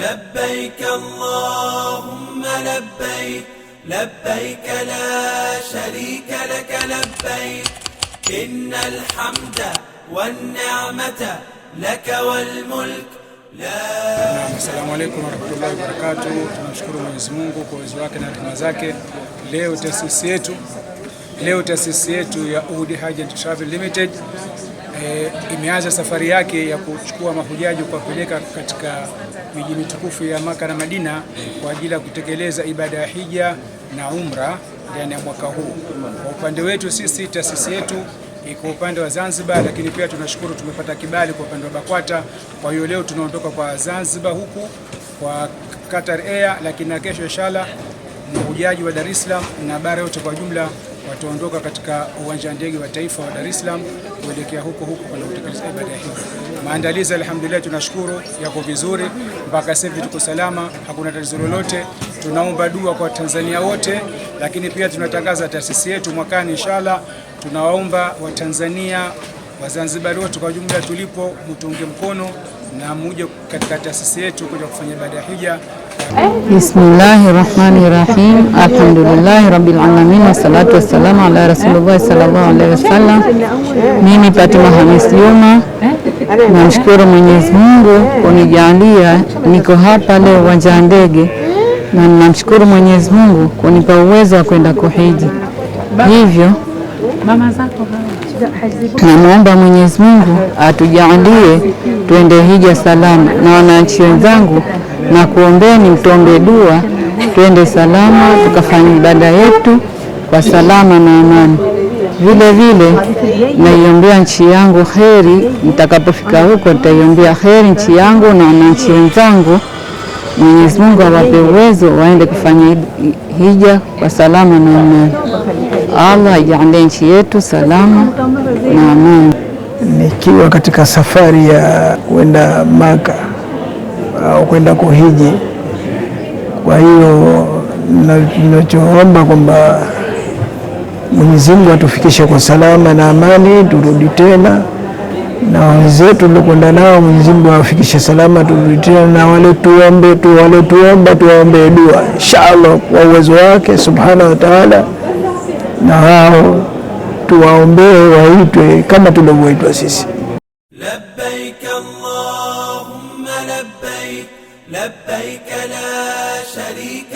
لبيك اللهم لبيك لبيك لا شريك لك لبيك إن الحمد والنعمة لك والملك لا Assalamu alaikum warahmatullahi wabarakatuh. Tunamshukuru Mwenyezi Mungu kwa uwezo wake na rehema zake. Leo taasisi yetu leo taasisi yetu ya Uhud Hajj Travel Limited e, imeanza safari yake ya kuchukua mahujaji kuwapeleka katika miji mitukufu ya Maka na Madina kwa ajili ya kutekeleza ibada ya hija na umra ndani ya mwaka huu. Kwa upande wetu sisi, taasisi yetu iko upande wa Zanzibar, lakini pia tunashukuru tumepata kibali kwa upande wa BAKWATA. Kwa hiyo leo tunaondoka kwa Zanzibar huku kwa Qatar Air, lakini na kesho inshallah mahujaji wa Dar es Salaam na bara yote kwa jumla wataondoka katika uwanja wa ndege wa taifa wa Dar es Salaam kuelekea huko huko kwa kutekeleza ibada hii. Maandalizi alhamdulillah, tunashukuru yako vizuri mpaka sasa hivi, tuko salama, hakuna tatizo lolote. Tunaomba dua kwa Tanzania wote, lakini pia tunatangaza taasisi yetu mwakani, inshallah. Tunawaomba Watanzania Wazanzibari wote kwa jumla, tulipo mtunge mkono na muje katika taasisi yetu kuja kufanya ibada ya hija. Bismillahi rahmani rahim, alhamdulillahi rabbil alamin, wassalatu wassalamu ala rasulillahi sallallahu alaihi wasallam. Mimi Fatima Hamis Juma namshukuru Mwenyezi Mungu kunijalia niko hapa leo uwanja wa ndege, na namshukuru Mwenyezi Mungu kunipa uwezo wa kwenda kuhiji. Hivyo namwomba Mwenyezi Mungu atujalie tuende hija salama na wananchi wenzangu na kuombeni mtombe dua twende salama tukafanya ibada yetu kwa salama na amani. Vile vile naiombea nchi yangu heri, nitakapofika huko nitaiombea heri nchi yangu na wananchi wenzangu. Mwenyezi Mungu awape uwezo waende kufanya hija kwa salama na amani. Allah ajaalie nchi yetu salama na amani. Nikiwa katika safari ya kwenda Maka au kwenda kuhiji. Kwa hiyo ninachoomba kwamba Mwenyezi Mungu atufikishe kwa salama na amani, turudi tena na wenzetu tuliokwenda nao, Mwenyezi Mungu awafikishe salama, turudi tena na wale tuombe tu wale tuomba tuwaombee dua inshallah, kwa uwezo wake subhana wa taala, na wao tuwaombee waitwe kama tulivyoitwa sisi. Labbaik اللهم لبيك لبيك لا شريك